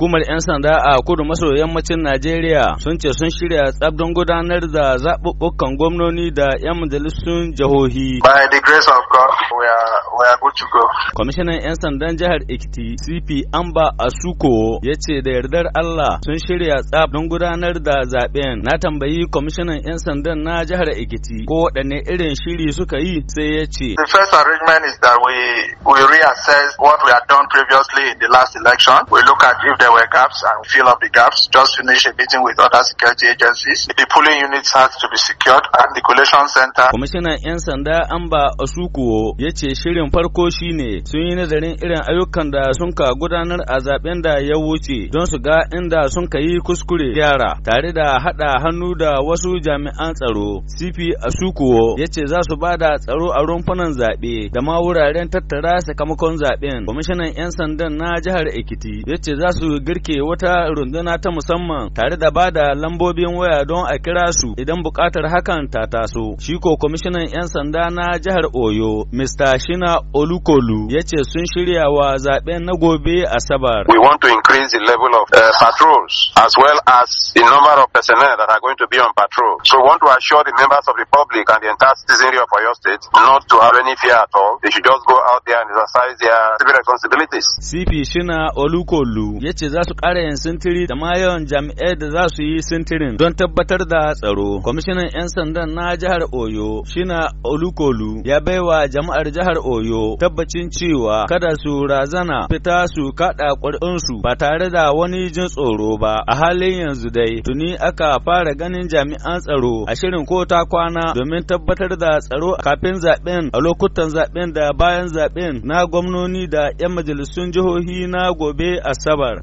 Hukumar 'yan sanda a kudu maso yammacin Najeriya sun ce sun shirya tsab don gudanar da zaɓuɓɓukan gwamnoni da 'yan majalisun jihohi. By the grace of God, we are, we are good to go. Kwamishinan 'yan sandan jihar Ekiti, CP Amba Asuko, ya ce da yardar Allah sun shirya tsab don gudanar da zaɓen. Na tambayi kwamishinan 'yan sandan na jihar Ekiti ko waɗanne irin shiri suka yi sai ya ce. The first arrangement is that we, we reassess what we had done previously in the last election. We look at if there were gaps and fill up the gaps. Just finish a meeting with other security agencies. The polling units had to be secured and the collation center. Kwamishinan 'yan sanda Amba Osukuwo ya ce shirin farko shine sun yi nazarin irin ayyukan da sun ka gudanar a zaben da ya wuce don su ga inda sun ka yi kuskure gyara tare da haɗa hannu da wasu jami'an tsaro. CP asukuo ya ce za su ba da tsaro a rumfunan zaɓe da ma wuraren tattara sakamakon zaɓen. Kwamishinan 'yan sandan na jihar Ekiti ya ce za su girke wata runduna ta musamman tare da ba da lambobin waya don a kira su idan bukatar hakan ta taso. Shi ko kwamishinan 'yan sanda na jihar Oyo, Mr. Shina Olukolu, ya ce sun shirya wa zaben na gobe Asabar. We want to increase the level of uh, patrols as well as the number of personnel that are going to be on patrol. So we want to assure the members of the public and the entire citizenry of Oyo State not to have any fear at all. They should just go out there and exercise their civil responsibilities. CP Shina Olukolu ya da za su ƙara yin sintiri da ma yawan jami'ai da za su yi sintirin don tabbatar da tsaro. Kwamishinan 'yan sandan na jihar Oyo Shina Olukolu ya baiwa jama'ar jihar Oyo tabbacin cewa kada su razana fita su kaɗa ƙwarɗinsu ba tare da wani jin tsoro ba. A halin yanzu dai tuni aka fara ganin jami'an tsaro a shirin ko ta kwana domin tabbatar da tsaro kafin zaɓen a lokutan zaɓen da bayan zaɓen na gwamnoni da 'yan majalisun jihohi na gobe Asabar.